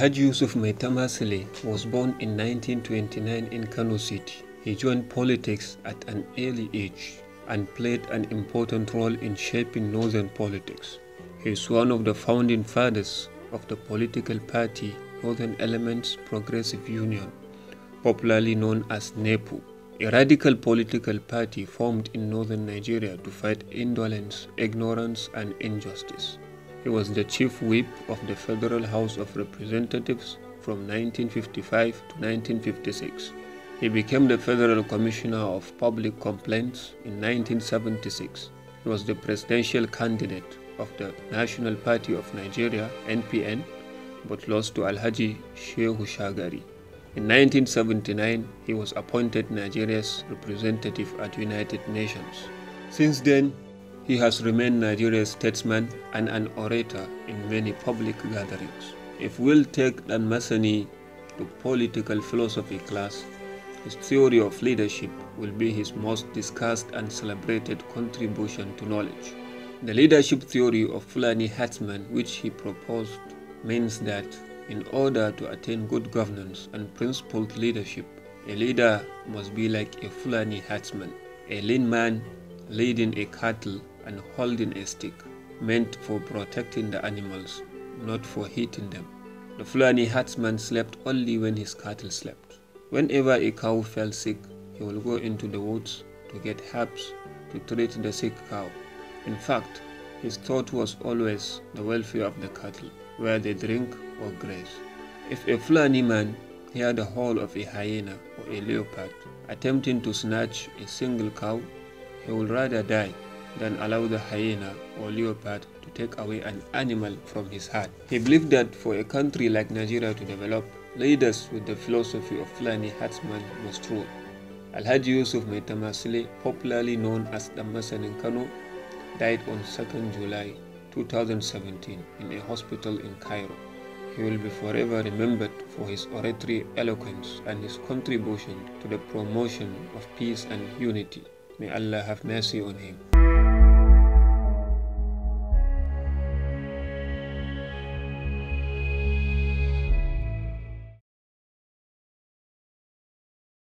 Alhaj Yusuf Maitamasile was born in 1929 in Kano City. He joined politics at an early age and played an important role in shaping northern politics. He is one of the founding fathers of the political party Northern Elements Progressive Union, popularly known as NEPU, a radical political party formed in northern Nigeria to fight indolence, ignorance, and injustice. He was the chief whip of the Federal House of Representatives from 1955 to 1956. He became the Federal Commissioner of Public Complaints in 1976. He was the presidential candidate of the National Party of Nigeria (NPN), but lost to Alhaji Shehu Shagari. In 1979, he was appointed Nigeria's representative at United Nations. Since then, he has remained Nigeria's statesman and an orator in many public gatherings. If we'll take Dan Masani to political philosophy class, his theory of leadership will be his most discussed and celebrated contribution to knowledge. The leadership theory of Fulani Hatzman, which he proposed, means that in order to attain good governance and principled leadership, a leader must be like a Fulani herdsman, a lean man leading a cattle and holding a stick, meant for protecting the animals, not for hitting them. The Fulani herdsman slept only when his cattle slept. Whenever a cow fell sick, he would go into the woods to get herbs to treat the sick cow. In fact, his thought was always the welfare of the cattle, where they drink or graze. If a Fulani man heard the howl of a hyena or a leopard attempting to snatch a single cow, he would rather die than allow the hyena or leopard to take away an animal from his heart. He believed that for a country like Nigeria to develop, leaders with the philosophy of Fulani herdsmen must rule. Alhaji Yusuf Maitamasile, popularly known as Damasanin Kano, died on 2nd July 2017 in a hospital in Cairo. He will be forever remembered for his oratory eloquence and his contribution to the promotion of peace and unity. May Allah have mercy on him.